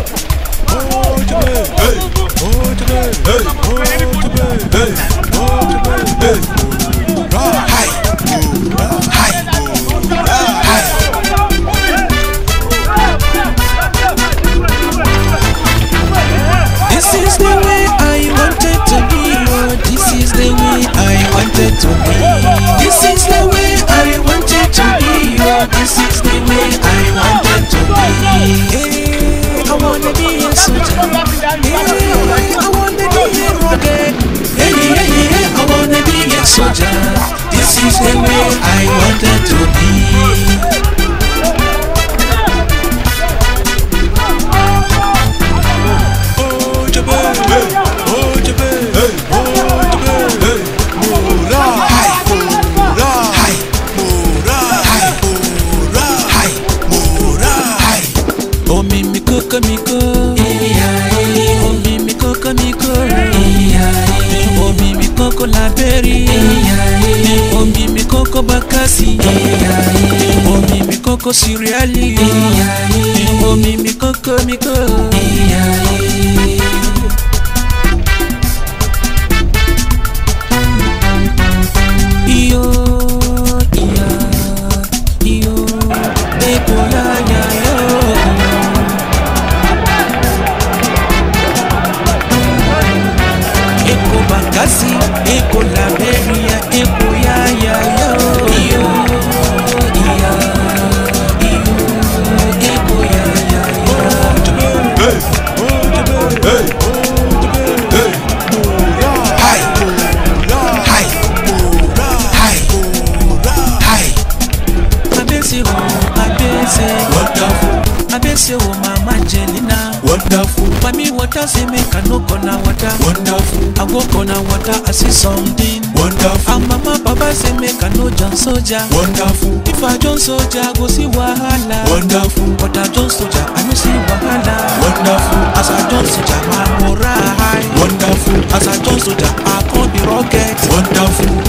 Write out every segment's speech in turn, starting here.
Hey! This is the way I wanted to be. koko siriali o ìwọ mi mi koko mi ko. on water. Wonderful. I go corner water, I see something. Wonderful. And mama, papa say make I no John soldier. Wonderful. If I John soldier, I go see wahala. Wonderful. But I John soldier, I no see wahala. Wonderful. As I John soldier, my moral high. Wonderful. As I John soldier, I call the rocket. Wonderful.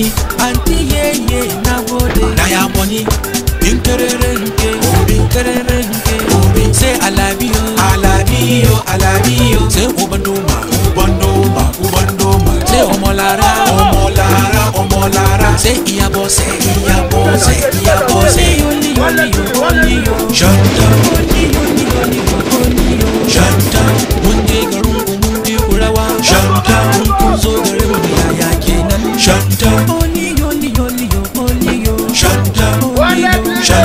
money anti ye na gode na ya money in kerere nke obi oh, kerere nke obi say alabi yo alabi yo alabi yo say uban oh, doma uban oh, doma uban doma say omolara omolara omolara say iya bose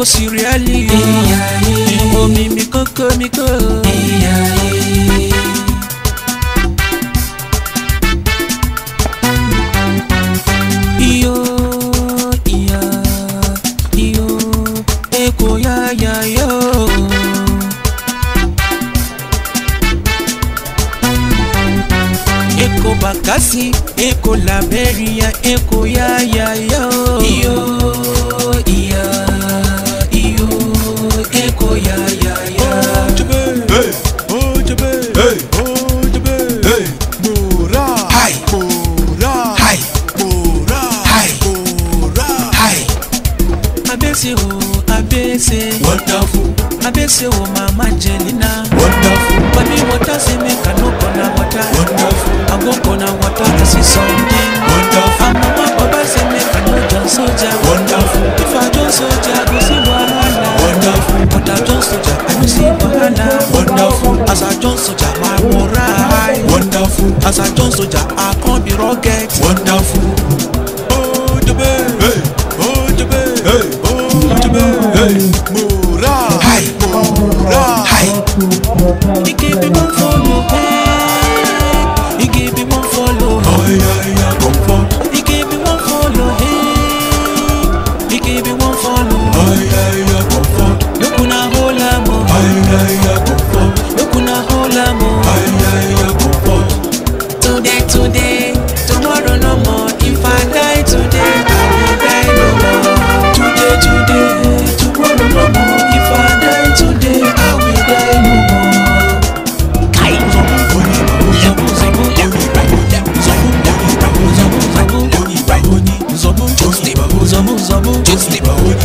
ko siriali yo omi mi koko mi ko. iyo iya iyo eko yaya yo. eko bakasi eko laberia eko yaya yo. wonderful i beg say o mama jelina wonderful baby water say make i no corner water wonderful i go corner water to see something wonderful and mama papa say make i no join soldier wonderful if i join soldier i go see wahala wonderful but i join soldier i no see wahala wonderful as i join soldier my morale wonderful as i join soldier i. Just the road